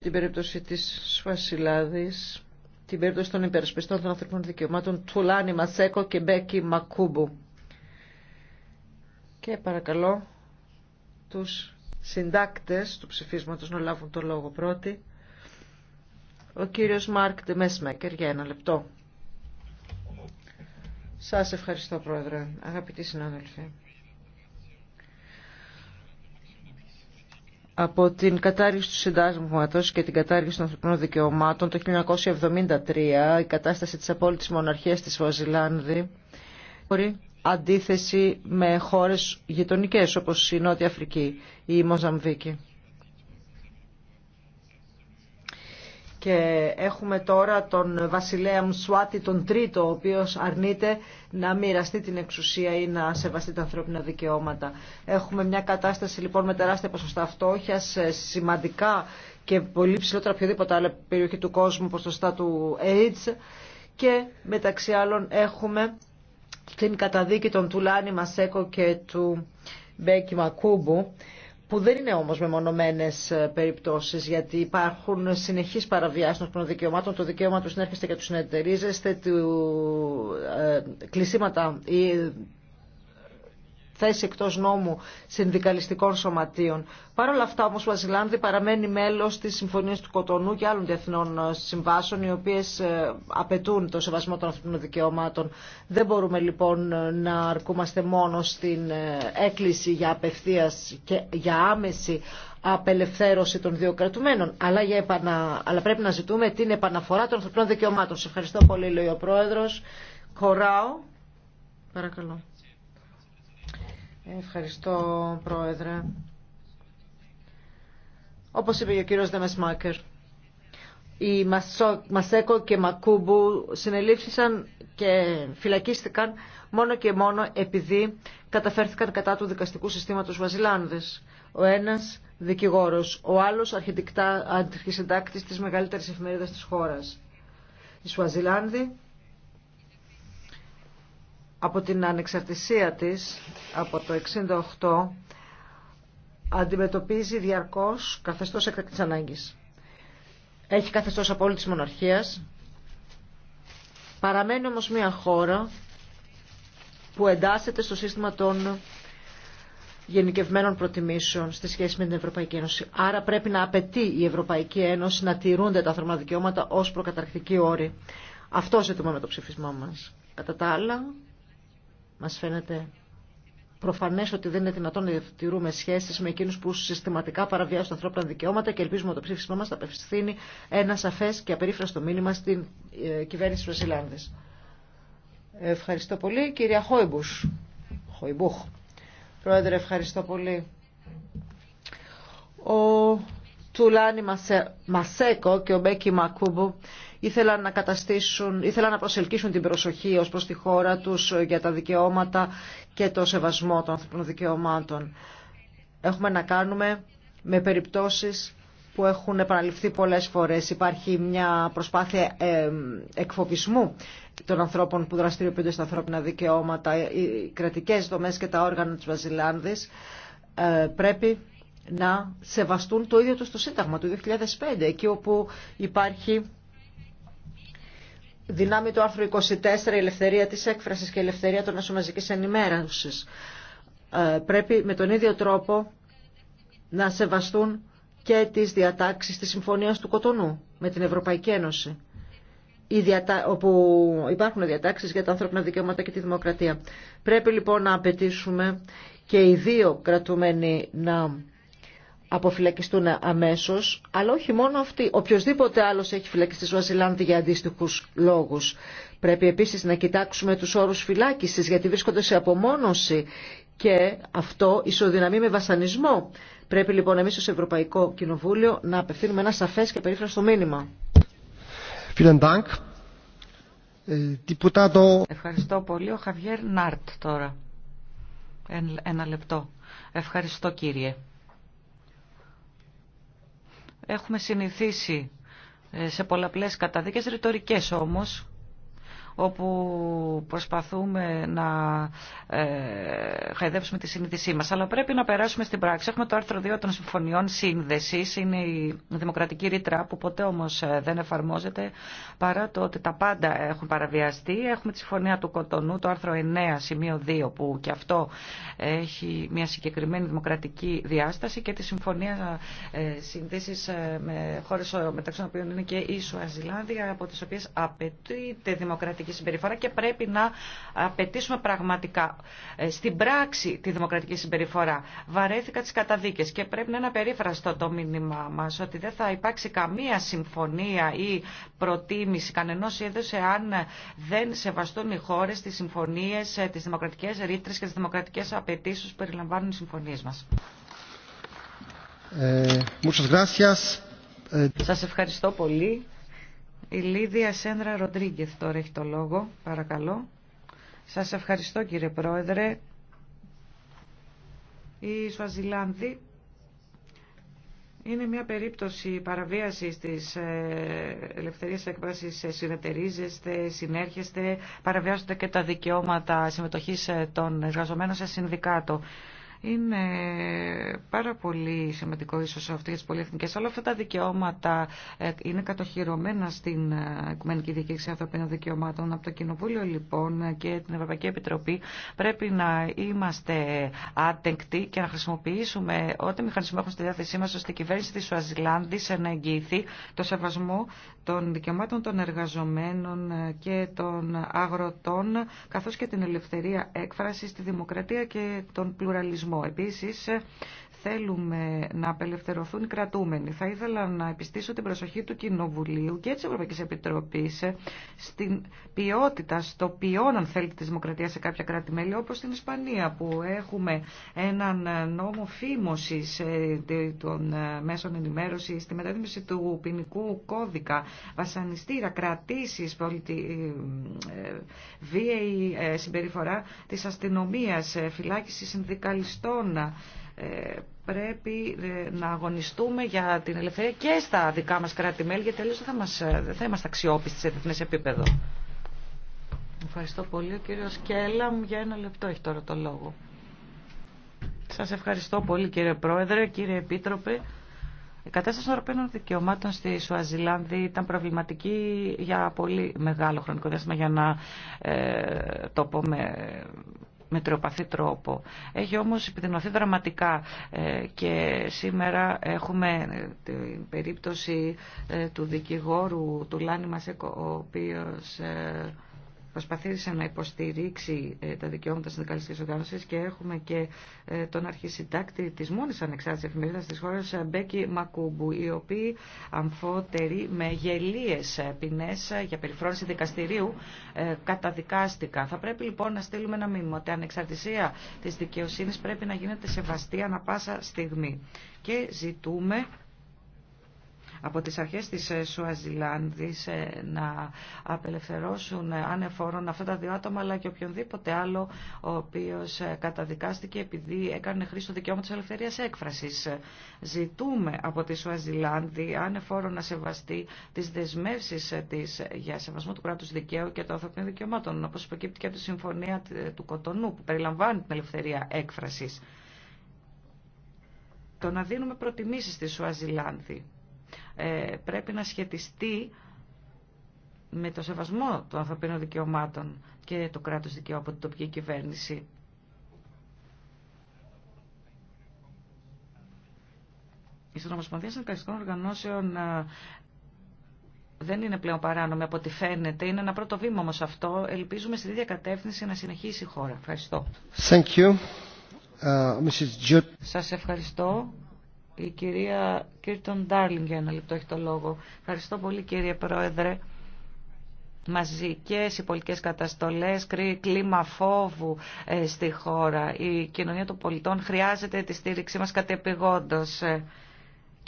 την περίπτωση της Σφασιλάδης, την περίπτωση των υπερασπιστών των ανθρωπίνων δικαιωμάτων Τουλάνι Μασέκο και Μπέκι Μακούμπου. Και παρακαλώ τους συντάκτες του ψηφίσματος να λάβουν το λόγο πρώτοι. Ο κύριος Μάρκ Τεμέσμεκερ για ένα λεπτό. Σας ευχαριστώ πρόεδρε, αγαπητοί συνάδελφοι. από την κατάργηση του συντάγματο και την κατάργηση των ανθρωπινών δικαιωμάτων το 1973 η κατάσταση της απόλυτης μοναρχίας της Βοζιλάνδη μπορεί αντίθεση με χώρες γειτονικές όπως η Νότια Αφρική ή η Μοζαμβίκη. Και έχουμε τώρα τον βασιλέα Μσουάτη τον τρίτο, ο οποίος αρνείται να μοιραστεί την εξουσία ή να σεβαστεί τα ανθρώπινα δικαιώματα. Έχουμε μια κατάσταση λοιπόν με τεράστια ποσοστά φτώχεια σημαντικά και πολύ ψηλότερα οποιοδήποτε άλλη περιοχή του κόσμου ποσοστά του AIDS και μεταξύ άλλων έχουμε την καταδίκη των Τουλάνι Μασέκο και του Μπέκι Μακούμπου που δεν είναι όμως μεμονωμένες ε, περιπτώσεις, γιατί υπάρχουν συνεχείς παραβιάσεις των δικαιωμάτων, το δικαίωμα του συνέρχεστε και του συνεταιρίζεστε, του, ε, κλεισίματα ή θέση εκτό νόμου συνδικαλιστικών σωματείων. Παρ' όλα αυτά όμω ο Βαζιλάνδη παραμένει μέλο τη Συμφωνία του Κοτονού και άλλων διεθνών ε, συμβάσεων οι οποίε ε, απαιτούν το σεβασμό των ανθρωπίνων δικαιωμάτων. Δεν μπορούμε λοιπόν ε, να αρκούμαστε μόνο στην έκκληση για απευθεία και για άμεση απελευθέρωση των δύο κρατουμένων, αλλά, για επανα... αλλά πρέπει να ζητούμε την επαναφορά των ανθρωπίνων δικαιωμάτων. Σε ευχαριστώ πολύ, λέει ο Πρόεδρος. Χωράω. Παρακαλώ. Ευχαριστώ, Πρόεδρε. Όπως είπε και ο κύριος Δεμεσμάκερ, οι Μασέκο και Μακούμπου συνελήφθησαν και φυλακίστηκαν μόνο και μόνο επειδή καταφέρθηκαν κατά του δικαστικού συστήματος Βαζιλάνδες. Ο ένας δικηγόρος, ο άλλος αρχισυντάκτης της μεγαλύτερης εφημερίδας της χώρας. η Σουαζιλάνδοι από την ανεξαρτησία της από το 1968 αντιμετωπίζει διαρκώς καθεστώς έκτακτης ανάγκης. Έχει καθεστώς απόλυτης μοναρχίας. Παραμένει όμως μια χώρα που εντάσσεται στο σύστημα των γενικευμένων προτιμήσεων στη σχέση με την Ευρωπαϊκή Ένωση. Άρα πρέπει να απαιτεί η Ευρωπαϊκή Ένωση να τηρούνται τα θερμαδικαιώματα δικαιώματα ως προκαταρκτική όρη. Αυτό ζητούμε με το ψηφισμό μας. Κατά τα μας φαίνεται Προφανέ ότι δεν είναι δυνατόν να διατηρούμε σχέσει με εκείνου που συστηματικά παραβιάζουν τα ανθρώπινα δικαιώματα και ελπίζουμε ότι το ψήφισμά μα θα απευθύνει ένα σαφέ και απερίφραστο μήνυμα στην ε, κυβέρνηση τη Βασιλάνδη. Ευχαριστώ πολύ. Κυρία Χόιμπους. Χόιμπουχ. Πρόεδρε, ευχαριστώ πολύ. Ο Τουλάνι Μασέκο και ο Μπέκι Μακούμπου ήθελαν να, καταστήσουν, ήθελαν να προσελκύσουν την προσοχή ως προς τη χώρα τους για τα δικαιώματα και το σεβασμό των ανθρωπινών δικαιωμάτων. Έχουμε να κάνουμε με περιπτώσεις που έχουν επαναληφθεί πολλές φορές. Υπάρχει μια προσπάθεια ε, εκφοβισμού των ανθρώπων που δραστηριοποιούνται στα ανθρώπινα δικαιώματα. Οι κρατικές δομές και τα όργανα της Βαζιλάνδης ε, πρέπει να σεβαστούν το ίδιο τους το Σύνταγμα του 2005, εκεί όπου υπάρχει δυνάμει του άρθρο 24 η ελευθερία της έκφρασης και η ελευθερία των ασωμαζικής ενημέρωσης. Ε, πρέπει με τον ίδιο τρόπο να σεβαστούν και τις διατάξεις της Συμφωνίας του Κοτονού με την Ευρωπαϊκή Ένωση όπου υπάρχουν διατάξεις για τα ανθρώπινα δικαιώματα και τη δημοκρατία. Πρέπει λοιπόν να απαιτήσουμε και οι δύο κρατούμενοι να αποφυλακιστούν αμέσως, αλλά όχι μόνο αυτοί. Οποιοδήποτε άλλος έχει φυλακιστεί στο Ασυλάνδη για αντίστοιχους λόγους. Πρέπει επίσης να κοιτάξουμε τους όρους φυλάκισης, γιατί βρίσκονται σε απομόνωση και αυτό ισοδυναμεί με βασανισμό. Πρέπει λοιπόν εμείς ως Ευρωπαϊκό Κοινοβούλιο να απευθύνουμε ένα σαφές και περίφραστο μήνυμα. Ε, Ευχαριστώ πολύ. Ο Χαβιέρ Νάρτ τώρα. Ένα λεπτό. Ευχαριστώ κύριε. Έχουμε συνηθίσει ε, σε πολλαπλές καταδίκες, ρητορικές όμως, όπου προσπαθούμε να ε, χαϊδεύσουμε τη συνείδησή μας. Αλλά πρέπει να περάσουμε στην πράξη. Έχουμε το άρθρο 2 των συμφωνιών σύνδεσης. Είναι η δημοκρατική ρήτρα που ποτέ όμως ε, δεν εφαρμόζεται παρά το ότι τα πάντα έχουν παραβιαστεί. Έχουμε τη συμφωνία του Κοτονού, το άρθρο 9 σημείο 2 που και αυτό έχει μια συγκεκριμένη δημοκρατική διάσταση και τη συμφωνία ε, σύνδεσης με χώρες μεταξύ των οποίων είναι και η Σουαζιλάνδια από τις οποίες απαιτείται δημοκρατική συμπεριφορά και πρέπει να απαιτήσουμε πραγματικά ε, στην πράξη τη δημοκρατική συμπεριφορά. Βαρέθηκα τι καταδίκε και πρέπει να είναι απερίφραστο το μήνυμά μα ότι δεν θα υπάρξει καμία συμφωνία ή προτίμηση κανενό είδου εάν δεν σεβαστούν οι χώρε τι συμφωνίε, ε, τι δημοκρατικέ ρήτρε και τι δημοκρατικέ απαιτήσει που περιλαμβάνουν οι συμφωνίε μα. Ε, ε, Σας ευχαριστώ πολύ. Η Λίδια Σέντρα Ροντρίγκεθ τώρα έχει το λόγο. Παρακαλώ. Σας ευχαριστώ κύριε Πρόεδρε. Η Σουαζιλάνδη είναι μια περίπτωση παραβίασης της ε, ελευθερίας έκβασης συνεταιρίζεστε, συνέρχεστε, παραβιάζονται και τα δικαιώματα συμμετοχής ε, των εργαζομένων σε συνδικάτο. Είναι πάρα πολύ σημαντικό ίσως αυτό για τις πολυεθνικές. Όλα αυτά τα δικαιώματα ε, είναι κατοχυρωμένα στην ε, Οικουμενική Διοίκηση Ανθρωπίνων Δικαιωμάτων. Από το Κοινοβούλιο λοιπόν και την Ευρωπαϊκή Επιτροπή πρέπει να είμαστε άτεγκτοι και να χρησιμοποιήσουμε ό,τι μηχανισμό έχουν στη διάθεσή μας ώστε η κυβέρνηση της Σουαζιλάνδης να εγγυηθεί το σεβασμό των δικαιωμάτων των εργαζομένων ε, και των αγροτών καθώς και την ελευθερία έκφρασης, τη δημοκρατία και τον πλουραλισμό πληθυσμό. Επίσης, Θέλουμε να απελευθερωθούν οι κρατούμενοι. Θα ήθελα να επιστήσω την προσοχή του Κοινοβουλίου και της Ευρωπαϊκής Επιτροπής στην ποιότητα, στο ποιόν αν θέλετε τη δημοκρατία σε κάποια κράτη-μέλη όπως στην Ισπανία που έχουμε έναν νόμο φήμωσης ε, των ε, μέσων ενημέρωσης, στη μεταρρύθμιση του ποινικού κώδικα, βασανιστήρα, κρατήσεις, ε, βίαιη συμπεριφορά της αστυνομίας, φυλάκιση συνδικαλιστών, ε, πρέπει ε, να αγωνιστούμε για την ελευθερία και στα δικά μας κράτη-μέλη, γιατί τέλος θα, μας, ε, θα είμαστε αξιόπιστοι σε διεθνές επίπεδο. Ευχαριστώ πολύ. Ο κύριος Κέλαμ για ένα λεπτό έχει τώρα το λόγο. Σας ευχαριστώ πολύ κύριε Πρόεδρε, κύριε Επίτροπε. Η κατάσταση των Ευρωπαίων Δικαιωμάτων στη Σουαζιλάνδη ήταν προβληματική για πολύ μεγάλο χρονικό διάστημα για να ε, το πούμε μετριοπαθή τρόπο. Έχει όμως επιδεινωθεί δραματικά ε, και σήμερα έχουμε ε, την περίπτωση ε, του δικηγόρου του Λάνη Μασέκο, ο οποίος προσπαθήσει να υποστηρίξει ε, τα δικαιώματα συνδικαλιστική οργάνωση και έχουμε και ε, τον αρχισυντάκτη τη μόνη ανεξάρτητη εφημερίδα τη χώρα ε, Μπέκη Μακούμπου, οι οποίοι αμφότεροι με γελίε ποινέ για περιφρόνηση δικαστηρίου καταδικάστηκαν. Θα πρέπει λοιπόν να στείλουμε ένα μήνυμα ότι η ανεξαρτησία τη δικαιοσύνη πρέπει να γίνεται σεβαστή ανα πάσα στιγμή. Και ζητούμε από τις αρχές της ε, Σουαζιλάνδης ε, να απελευθερώσουν ε, ανεφόρον αυτά τα δύο άτομα αλλά και οποιονδήποτε άλλο ο οποίος καταδικάστηκε επειδή έκανε χρήση του της ελευθερίας έκφρασης. Ζητούμε από τη Σουαζιλάνδη ανεφόρον να σεβαστεί τις δεσμεύσεις της για σεβασμό του κράτους δικαίου και των ανθρωπίνων δικαιωμάτων όπως υποκύπτει και από τη Συμφωνία του Κοτονού που περιλαμβάνει την ελευθερία έκφρασης. Το να δίνουμε προτιμήσεις στη Σουαζιλάνδη ε, πρέπει να σχετιστεί με το σεβασμό των ανθρωπίνων δικαιωμάτων και του κράτους δικαίου από την τοπική κυβέρνηση. Η Συνομοσπονδία Συνεργαστικών Οργανώσεων ε, δεν είναι πλέον παράνομη από ό,τι φαίνεται. Είναι ένα πρώτο βήμα όμως αυτό. Ελπίζουμε στη ίδια κατεύθυνση να συνεχίσει η χώρα. Ευχαριστώ. Thank you. Uh, Mrs. Σας ευχαριστώ. Η κυρία Κίρτον Ντάρλινγκ για ένα λεπτό έχει το λόγο. Ευχαριστώ πολύ κύριε Πρόεδρε. Μαζικές οι πολιτικές καταστολές, κλίμα φόβου ε, στη χώρα. Η κοινωνία των πολιτών χρειάζεται τη στήριξή μας κατεπηγόντως. Ε,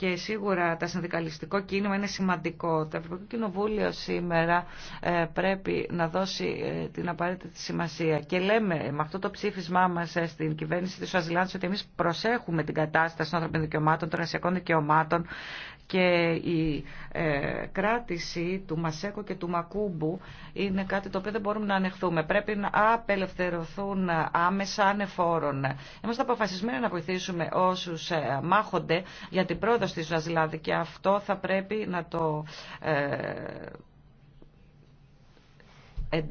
και σίγουρα τα συνδικαλιστικό κίνημα είναι σημαντικό. Το Ευρωπαϊκό Κοινοβούλιο σήμερα ε, πρέπει να δώσει ε, την απαραίτητη σημασία. Και λέμε με αυτό το ψήφισμά μα ε, στην κυβέρνηση τη Σουαζιλάνδη ότι εμεί προσέχουμε την κατάσταση των ανθρωπίνων δικαιωμάτων, των ρασιακών δικαιωμάτων και η κράτηση του Μασέκο και του Μακούμπου είναι κάτι το οποίο δεν μπορούμε να ανεχθούμε. Πρέπει να απελευθερωθούν άμεσα ανεφόρων. Είμαστε αποφασισμένοι να βοηθήσουμε όσου μάχονται για την πρόοδο στη Ζουαζιλάνδη και αυτό θα πρέπει να το ε, ε,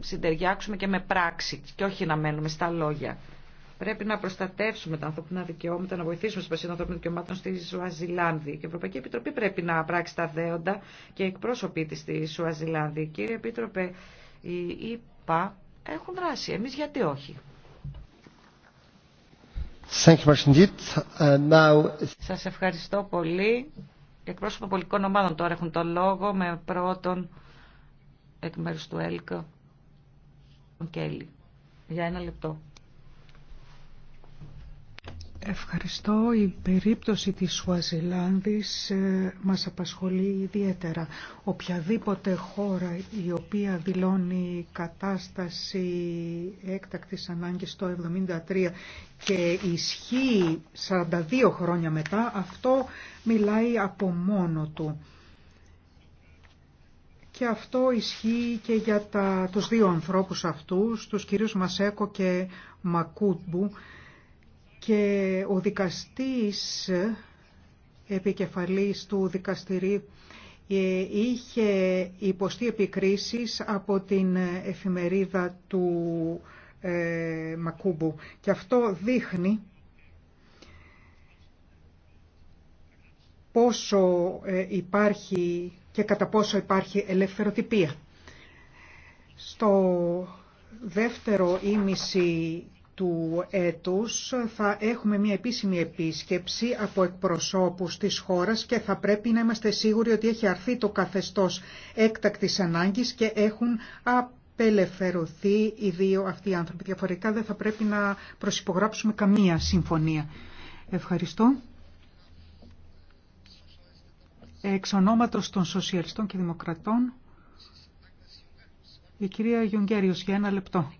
συντεριάξουμε και με πράξη και όχι να μένουμε στα λόγια. Πρέπει να προστατεύσουμε τα ανθρώπινα δικαιώματα, να βοηθήσουμε στην προστασία των ανθρώπινων δικαιωμάτων στη Σουαζιλάνδη. Και η Ευρωπαϊκή Επιτροπή πρέπει να πράξει τα δέοντα και εκπρόσωποι τη στη Σουαζιλάνδη. Κύριε Επίτροπε, οι ΙΠΑ έχουν δράσει. Εμεί γιατί όχι. Uh, Σας ευχαριστώ πολύ. Εκπρόσωπο πολιτικών ομάδων τώρα έχουν το λόγο με πρώτον εκ μέρους του ΕΛΚ, τον Κέλλη. Για ένα λεπτό. Ευχαριστώ. Η περίπτωση της Σουαζιλάνδης ε, μας απασχολεί ιδιαίτερα. Οποιαδήποτε χώρα η οποία δηλώνει κατάσταση έκτακτης ανάγκης το 1973 και ισχύει 42 χρόνια μετά, αυτό μιλάει από μόνο του. Και αυτό ισχύει και για τα, τους δύο ανθρώπους αυτούς, τους κυρίους Μασέκο και Μακούτμπου, και ο δικαστής επικεφαλής του δικαστηρίου ε, είχε υποστεί επικρίσεις από την εφημερίδα του ε, Μακούμπου και αυτό δείχνει πόσο ε, υπάρχει και κατά πόσο υπάρχει ελευθεροτυπία. Στο δεύτερο ήμιση του έτους θα έχουμε μια επίσημη επίσκεψη από εκπροσώπους της χώρας και θα πρέπει να είμαστε σίγουροι ότι έχει αρθεί το καθεστώς έκτακτης ανάγκης και έχουν απελευθερωθεί οι δύο αυτοί οι άνθρωποι. Διαφορετικά δεν θα πρέπει να προσυπογράψουμε καμία συμφωνία. Ευχαριστώ. Εξ ονόματος των Σοσιαλιστών και Δημοκρατών, η κυρία Γιονγκέριος για ένα λεπτό.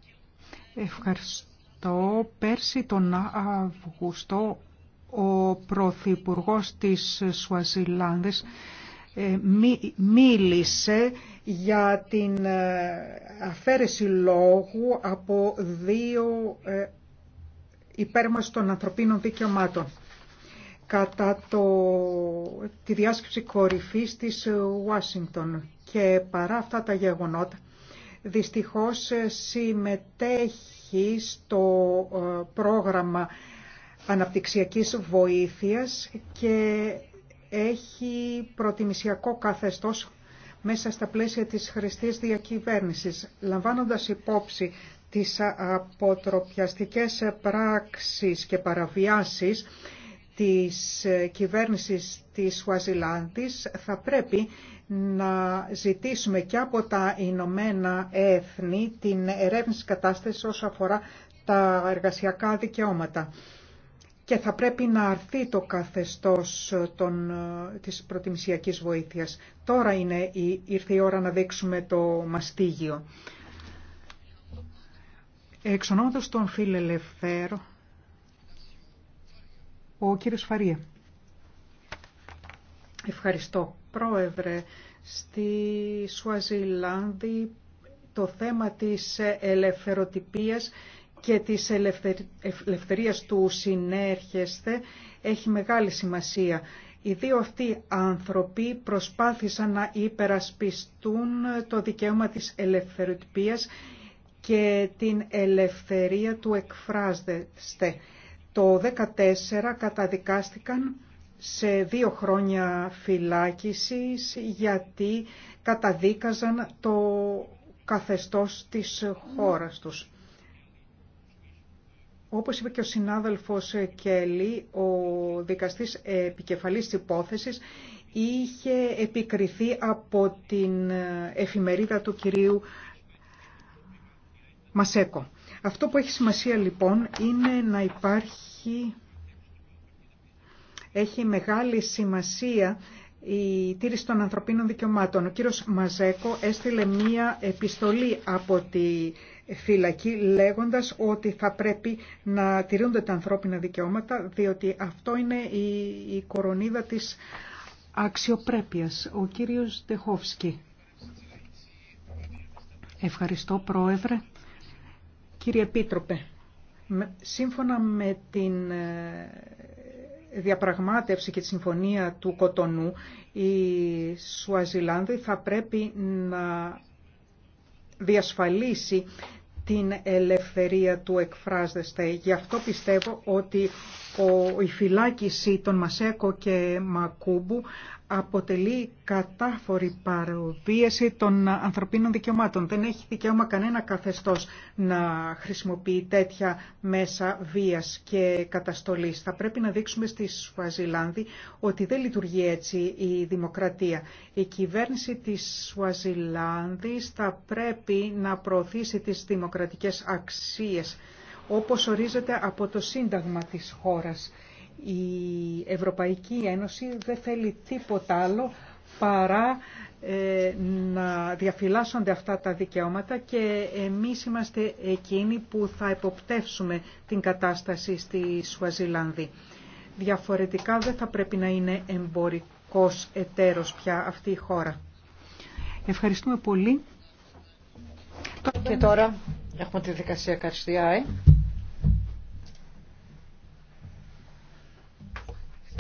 Ευχαριστώ. Το πέρσι τον Αυγουστό, ο Πρωθυπουργός της Σουαζιλάνδης ε, μίλησε για την ε, αφαίρεση λόγου από δύο ε, υπέρμαστον των ανθρωπίνων δικαιωμάτων κατά το, τη διάσκεψη κορυφής της Ουάσιγκτον και παρά αυτά τα γεγονότα δυστυχώς συμμετέχει στο ε, πρόγραμμα αναπτυξιακής βοήθειας και έχει προτιμησιακό καθεστώς μέσα στα πλαίσια της χρηστής διακυβέρνησης, λαμβάνοντας υπόψη τις αποτροπιαστικές πράξεις και παραβιάσεις της ε, κυβέρνησης της Σουαζιλάντης θα πρέπει να ζητήσουμε και από τα Ηνωμένα Έθνη την ερεύνηση κατάστασης όσο αφορά τα εργασιακά δικαιώματα. Και θα πρέπει να αρθεί το καθεστώς ε, των, ε, της προτιμησιακής βοήθειας. Τώρα είναι η, ήρθε η ώρα να δείξουμε το μαστίγιο. Εξ ονόματος των φιλελευθέρων, ο κύριος Φαρία. Ευχαριστώ. Πρόεδρε, στη Σουαζιλάνδη το θέμα της ελευθεροτυπίας και της ελευθερίας του συνέρχεσθε έχει μεγάλη σημασία. Οι δύο αυτοί άνθρωποι προσπάθησαν να υπερασπιστούν το δικαίωμα της ελευθεροτυπίας και την ελευθερία του εκφράζεστε. Το 2014 καταδικάστηκαν σε δύο χρόνια φυλάκισης γιατί καταδίκαζαν το καθεστώς της χώρας τους. Όπως είπε και ο συνάδελφος Κέλλη, ο δικαστής επικεφαλής της υπόθεσης είχε επικριθεί από την εφημερίδα του κυρίου Μασέκο. Αυτό που έχει σημασία λοιπόν είναι να υπάρχει, έχει μεγάλη σημασία η τήρηση των ανθρωπίνων δικαιωμάτων. Ο κύριος Μαζέκο έστειλε μία επιστολή από τη φυλακή λέγοντας ότι θα πρέπει να τηρούνται τα ανθρώπινα δικαιώματα διότι αυτό είναι η, η κορονίδα της αξιοπρέπειας. Ο κύριος Ντεχόφσκι. Ευχαριστώ Πρόεδρε. Κύριε Επίτροπε, σύμφωνα με την ε, διαπραγμάτευση και τη συμφωνία του Κοτονού, η Σουαζιλάνδη θα πρέπει να διασφαλίσει την ελευθερία του εκφράζεστε. Γι' αυτό πιστεύω ότι η φυλάκιση των Μασέκο και Μακούμπου αποτελεί κατάφορη παροβίαση των ανθρωπίνων δικαιωμάτων. Δεν έχει δικαίωμα κανένα καθεστώς να χρησιμοποιεί τέτοια μέσα βίας και καταστολής. Θα πρέπει να δείξουμε στη Σουαζιλάνδη ότι δεν λειτουργεί έτσι η δημοκρατία. Η κυβέρνηση της Σουαζιλάνδης θα πρέπει να προωθήσει τις δημοκρατικές αξίες όπως ορίζεται από το Σύνταγμα της χώρας η Ευρωπαϊκή Ένωση δεν θέλει τίποτα άλλο παρά ε, να διαφυλάσσονται αυτά τα δικαιώματα και εμείς είμαστε εκείνοι που θα εποπτεύσουμε την κατάσταση στη Σουαζιλάνδη. Διαφορετικά δεν θα πρέπει να είναι εμπορικός εταίρος πια αυτή η χώρα. Ευχαριστούμε πολύ. Και τώρα έχουμε τη δικασία Καρστιάη.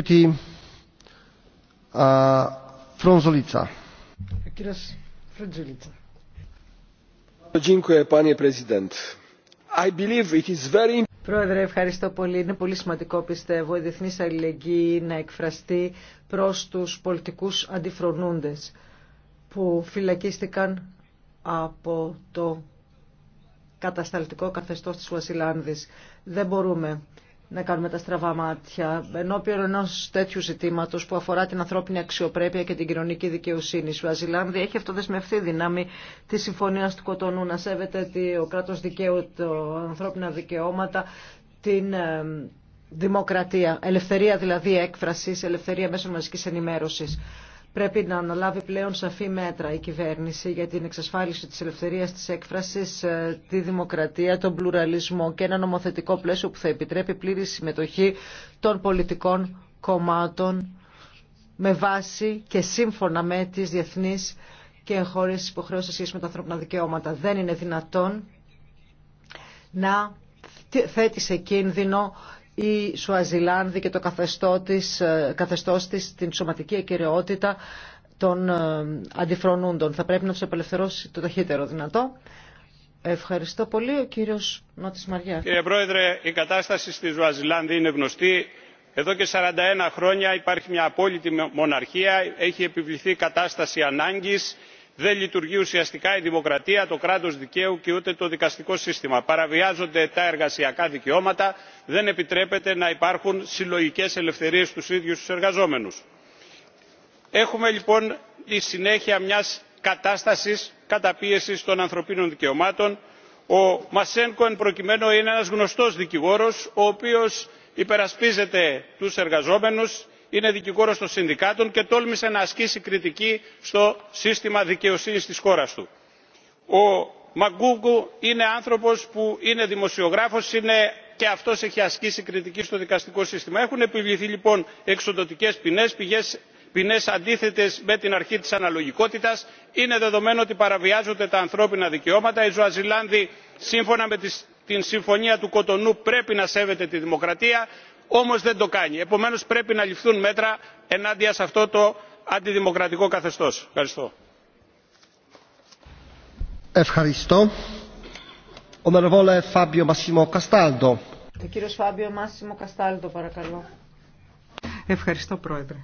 Uh, Πρόεδρε, ευχαριστώ πολύ. Είναι πολύ σημαντικό, πιστεύω, η διεθνή αλληλεγγύη να εκφραστεί προς τους πολιτικούς αντιφρονούντες που φυλακίστηκαν από το κατασταλτικό καθεστώς της Βασιλάνδης. Δεν μπορούμε να κάνουμε τα στραβά μάτια ενώπιον ενό τέτοιου ζητήματο που αφορά την ανθρώπινη αξιοπρέπεια και την κοινωνική δικαιοσύνη. Η Αζιλάνδη έχει αυτοδεσμευτεί δύναμη τη Συμφωνία του Κοτονού να σέβεται ο κράτο δικαίου, τα ανθρώπινα δικαιώματα, την ε, δημοκρατία. Ελευθερία δηλαδή έκφραση, ελευθερία μέσω μαζική ενημέρωση πρέπει να αναλάβει πλέον σαφή μέτρα η κυβέρνηση για την εξασφάλιση της ελευθερίας της έκφρασης, ε, τη δημοκρατία, τον πλουραλισμό και ένα νομοθετικό πλαίσιο που θα επιτρέπει πλήρη συμμετοχή των πολιτικών κομμάτων με βάση και σύμφωνα με τις διεθνείς και εγχώριες υποχρεώσεις σχέση με τα ανθρώπινα δικαιώματα. Δεν είναι δυνατόν να θέτει σε κίνδυνο η Σουαζιλάνδη και το καθεστώ της, ε, καθεστώς την σωματική ακυρεότητα των ε, αντιφρονούντων. Θα πρέπει να τους απελευθερώσει το ταχύτερο δυνατό. Ευχαριστώ πολύ. Ο κύριος Νότης Μαριά. Κύριε Πρόεδρε, η κατάσταση στη Σουαζιλάνδη είναι γνωστή. Εδώ και 41 χρόνια υπάρχει μια απόλυτη μοναρχία, έχει επιβληθεί κατάσταση ανάγκης δεν λειτουργεί ουσιαστικά η δημοκρατία το κράτος δικαίου και ούτε το δικαστικό σύστημα παραβιάζονται τα εργασιακά δικαιώματα δεν επιτρέπεται να υπάρχουν συλλογικές ελευθερίες στους ίδιους τους εργαζόμενους. έχουμε λοιπόν τη συνέχεια μιας κατάστασης καταπίεσης των ανθρωπίνων δικαιωμάτων. ο μασένκο εν προκειμένου είναι ένας γνωστός δικηγόρος ο οποίος υπερασπίζεται τους εργαζόμενους είναι δικηγόρος των συνδικάτων και τόλμησε να ασκήσει κριτική στο σύστημα δικαιοσύνης της χώρας του. Ο Μαγκούγκου είναι άνθρωπος που είναι δημοσιογράφος, είναι και αυτός έχει ασκήσει κριτική στο δικαστικό σύστημα. Έχουν επιβληθεί λοιπόν εξοδοτικές ποινές, πηγές, ποινές αντίθετες με την αρχή τη αναλογικότητα, Είναι δεδομένο ότι παραβιάζονται τα ανθρώπινα δικαιώματα. Η Ζουαζιλάνδη σύμφωνα με την συμφωνία του κοτονού πρέπει να σέβεται τη δημοκρατία όμως δεν το κάνει. επομένως πρέπει να ληφθούν μέτρα ενάντια σε αυτό το αντιδημοκρατικό καθεστώς. ευχαριστώ. ευχαριστώ. Ο Φάμπιο Μασίμο Καστάλτο. κύριος Φάμπιο Μάσιμο Καστάλτο, παρακαλώ. Ευχαριστώ, Πρόεδρε.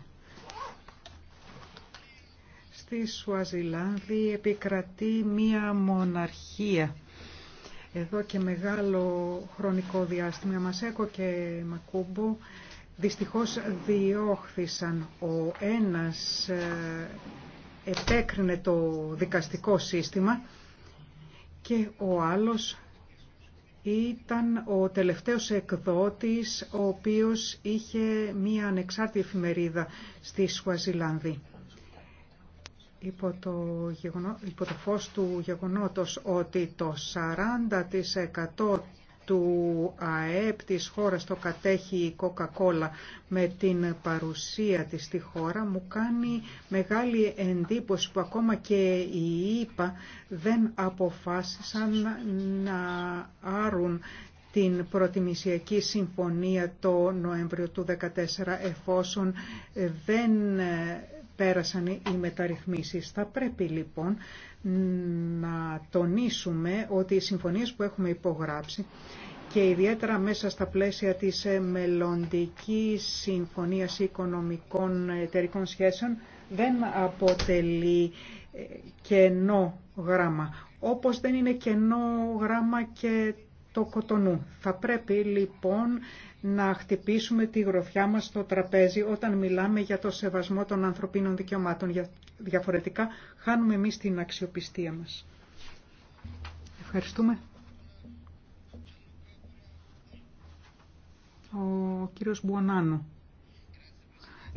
Στη Σουαζιλάνδη επικρατεί μία μοναρχία εδώ και μεγάλο χρονικό διάστημα. Μασέκο και Μακούμπο δυστυχώς διώχθησαν. Ο ένας ε, επέκρινε το δικαστικό σύστημα και ο άλλος ήταν ο τελευταίος εκδότης ο οποίος είχε μία ανεξάρτητη εφημερίδα στη Σουαζιλάνδη υπό το, γεγονό, υπό το φως του γεγονότος ότι το 40% του ΑΕΠ της χώρας το κατέχει η Coca-Cola με την παρουσία της στη χώρα μου κάνει μεγάλη εντύπωση που ακόμα και η ΙΠΑ δεν αποφάσισαν να άρουν την προτιμησιακή συμφωνία το Νοέμβριο του 2014 εφόσον δεν πέρασαν οι μεταρρυθμίσεις. Θα πρέπει λοιπόν να τονίσουμε ότι οι συμφωνίες που έχουμε υπογράψει και ιδιαίτερα μέσα στα πλαίσια της μελλοντική συμφωνίας οικονομικών εταιρικών σχέσεων δεν αποτελεί ε, κενό γράμμα. Όπως δεν είναι κενό γράμμα και το κοτονού. Θα πρέπει λοιπόν να χτυπήσουμε τη γροφιά μας στο τραπέζι όταν μιλάμε για το σεβασμό των ανθρωπίνων δικαιωμάτων. Διαφορετικά χάνουμε εμείς την αξιοπιστία μας. Ευχαριστούμε. Ο κύριος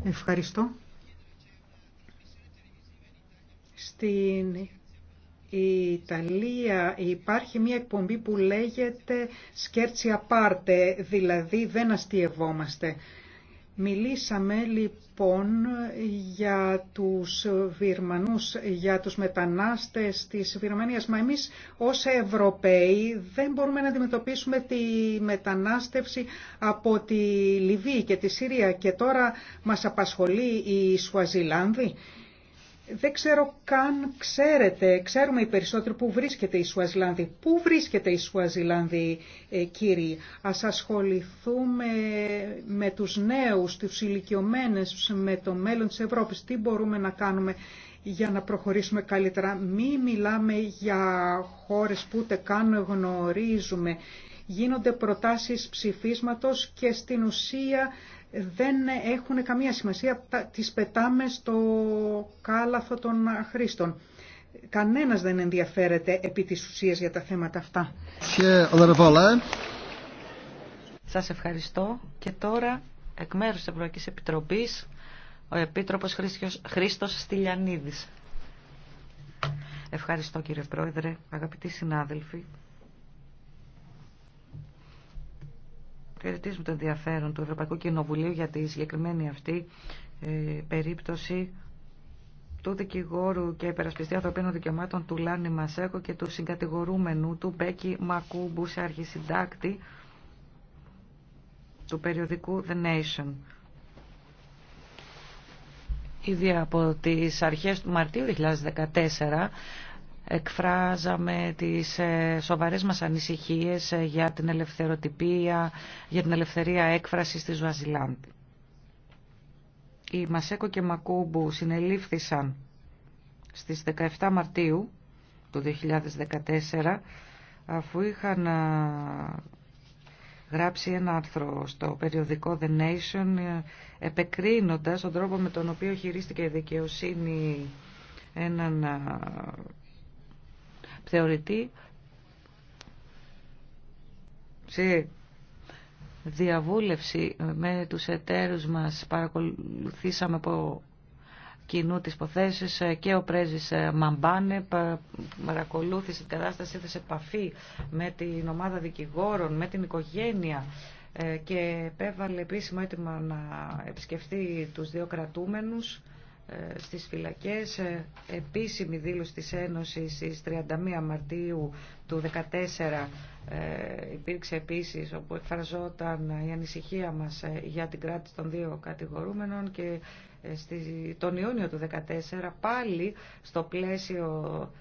Ευχαριστώ. Στην η Ιταλία υπάρχει μια εκπομπή που λέγεται «Σκέρτσια πάρτε», δηλαδή δεν αστειευόμαστε. Μιλήσαμε λοιπόν για τους Βιρμανούς, για τους μετανάστες της Βιρμανίας, μα εμείς ως Ευρωπαίοι δεν μπορούμε να αντιμετωπίσουμε τη μετανάστευση από τη Λιβύη και τη Συρία και τώρα μας απασχολεί η Σουαζιλάνδη δεν ξέρω καν ξέρετε, ξέρουμε οι περισσότεροι που βρίσκεται η Σουαζιλάνδη. Πού βρίσκεται η Σουαζιλάνδη, ε, κύριοι. Ας ασχοληθούμε με τους νέους, τους ηλικιωμένες, με το μέλλον της Ευρώπης. Τι μπορούμε να κάνουμε για να προχωρήσουμε καλύτερα. Μη μιλάμε για χώρες που ούτε καν γνωρίζουμε. Γίνονται προτάσεις ψηφίσματος και στην ουσία δεν έχουν καμία σημασία, τις πετάμε στο κάλαθο των χρήστων. Κανένας δεν ενδιαφέρεται επί της ουσίας για τα θέματα αυτά. Ε. Σας ευχαριστώ και τώρα εκ μέρους της Ευρωπαϊκής Επιτροπής ο Επίτροπος Χρήστος, Χρήστος Στυλιανίδης. Ευχαριστώ κύριε Πρόεδρε, αγαπητοί συνάδελφοι. Χαιρετίζουμε το ενδιαφέρον του Ευρωπαϊκού Κοινοβουλίου για τη συγκεκριμένη αυτή ε, περίπτωση του δικηγόρου και υπερασπιστή ανθρωπίνων δικαιωμάτων του Λάνι Μασέκο και του συγκατηγορούμενου του Μπέκη Μακούμπου σε αρχισυντάκτη του περιοδικού The Nation. Ήδη από τις αρχές του Μαρτίου 2014 εκφράζαμε τις ε, σοβαρές μας ανησυχίες ε, για την ελευθεροτυπία, για την ελευθερία έκφρασης της Βαζιλάντη. Οι Μασέκο και Μακούμπου συνελήφθησαν στις 17 Μαρτίου του 2014 αφού είχαν γράψει ένα άρθρο στο περιοδικό The Nation ε, επεκρίνοντας τον τρόπο με τον οποίο χειρίστηκε η δικαιοσύνη έναν θεωρητή σε διαβούλευση με τους εταίρους μας παρακολουθήσαμε από κοινού τις υποθέσεις και ο πρέσβης Μαμπάνε παρακολούθησε τεράστια σύνθεση επαφή με την ομάδα δικηγόρων, με την οικογένεια ε, και επέβαλε επίσημο έτοιμο να επισκεφθεί τους δύο κρατούμενους ε, στις φυλακές. Ε, επίσημη δήλωση της Ένωσης στις 31 Μαρτίου του 2014 ε, υπήρξε επίσης όπου εκφραζόταν η ανησυχία μας για την κράτηση των δύο κατηγορούμενων και τον Ιούνιο του 2014 πάλι στο πλαίσιο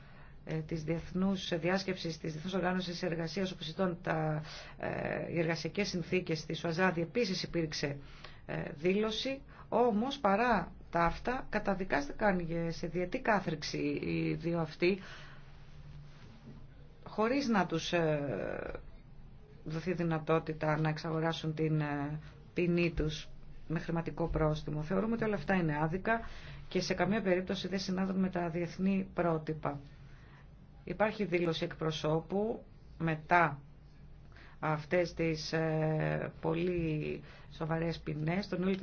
της διεθνούς διάσκεψης της Διεθνούς Οργάνωσης Εργασίας όπου ήταν τα, οι εργασιακές συνθήκες της ΟΑΖΑΔΙ επίσης υπήρξε δήλωση όμως παρά τα αυτά καταδικάστηκαν σε διετή κάθριξη οι δύο αυτοί χωρίς να τους ε, δοθεί δυνατότητα να εξαγοράσουν την ε, ποινή τους με χρηματικό πρόστιμο. Θεωρούμε ότι όλα αυτά είναι άδικα και σε καμία περίπτωση δεν συνάδουν με τα διεθνή πρότυπα. Υπάρχει δήλωση εκπροσώπου μετά αυτές τις ε, πολύ σοβαρές ποινές τον Ιούλιο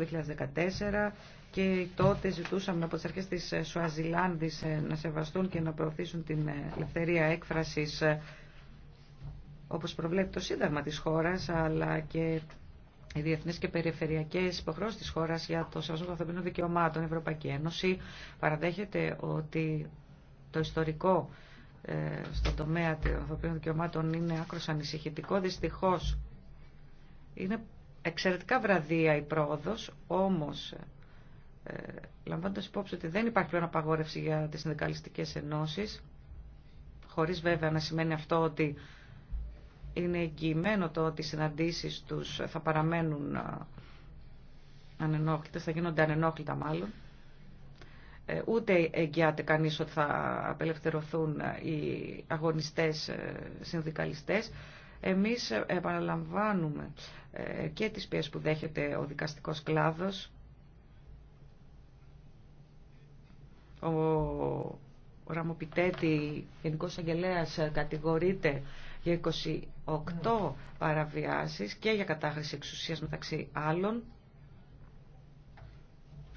2014 και τότε ζητούσαμε από τι αρχέ τη ε, Σουαζιλάνδη ε, να σεβαστούν και να προωθήσουν την ε, ελευθερία έκφραση, όπως προβλέπει το Σύνταγμα της χώρας, αλλά και οι διεθνεί και περιφερειακέ υποχρεώσει τη χώρα για το σεβασμό των ανθρωπίνων δικαιωμάτων. Η Ευρωπαϊκή Ένωση παραδέχεται ότι το ιστορικό στον τομέα των ανθρωπίνων δικαιωμάτων είναι άκρο ανησυχητικό. Δυστυχώ είναι εξαιρετικά βραδία η πρόοδο, όμω ε, Λαμβάνοντα υπόψη ότι δεν υπάρχει πλέον απαγόρευση για τις συνδικαλιστικέ ενώσει, χωρίς βέβαια να σημαίνει αυτό ότι είναι εγγυημένο το ότι οι συναντήσεις τους θα παραμένουν ε, ανενόχλητες, θα γίνονται ανενόχλητα μάλλον. Ε, ούτε εγγυάται κανείς ότι θα απελευθερωθούν οι αγωνιστές συνδικαλιστές. Εμείς επαναλαμβάνουμε και τις πιέσεις που δέχεται ο δικαστικός κλάδος Ο Ραμοπιτέτη, Γενικός Αγγελέας, κατηγορείται για 28 παραβιάσεις και για κατάχρηση εξουσίας μεταξύ άλλων.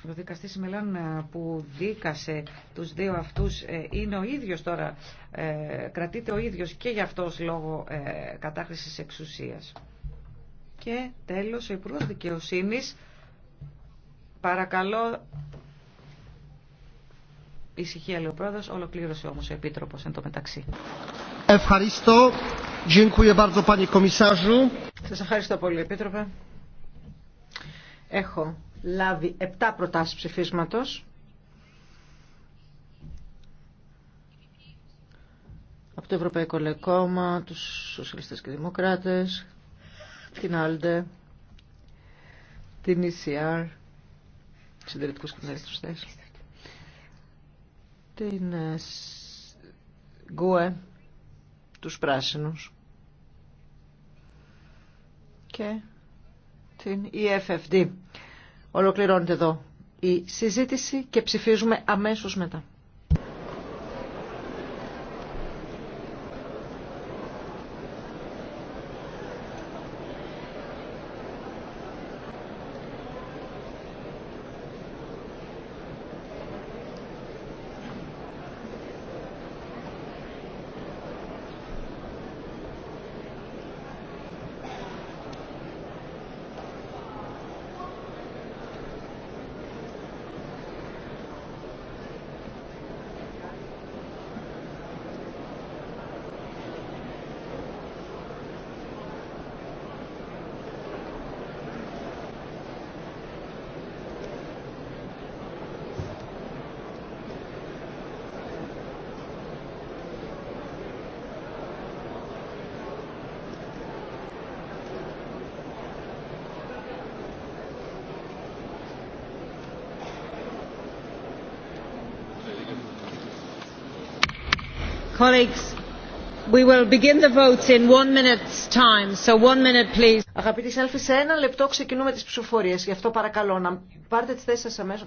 Ο δικαστής Μελάν ε, που δίκασε τους δύο αυτούς ε, είναι ο ίδιος τώρα, ε, κρατείται ο ίδιος και για αυτός λόγω κατάχρησης εξουσίας. Και τέλος ο Υπουργός Δικαιοσύνης παρακαλώ Ησυχία, λέει ο πρόεδρος. Ολοκλήρωσε όμως ο Επίτροπος εν τω μεταξύ. Ευχαριστώ. Σας ευχαριστώ πολύ, Επίτροπε. Έχω λάβει 7 προτάσεις ψηφίσματος. Από το Ευρωπαϊκό Λεκόμα, τους Σοσιαλιστές και Δημοκράτες, την Άλντε, την ECR, συντηρητικούς του μεταρρυθμιστές την ε, Γκουε, τους πράσινους και την EFFD. Ολοκληρώνεται εδώ η συζήτηση και ψηφίζουμε αμέσως μετά. colleagues, We will begin the votes in one minute's time. So one minute, please. Αγαπητοί σε ένα λεπτό ξεκινούμε τις ψηφοφορίες. Γι' αυτό παρακαλώ να πάρτε τις θέσεις σας αμέσως.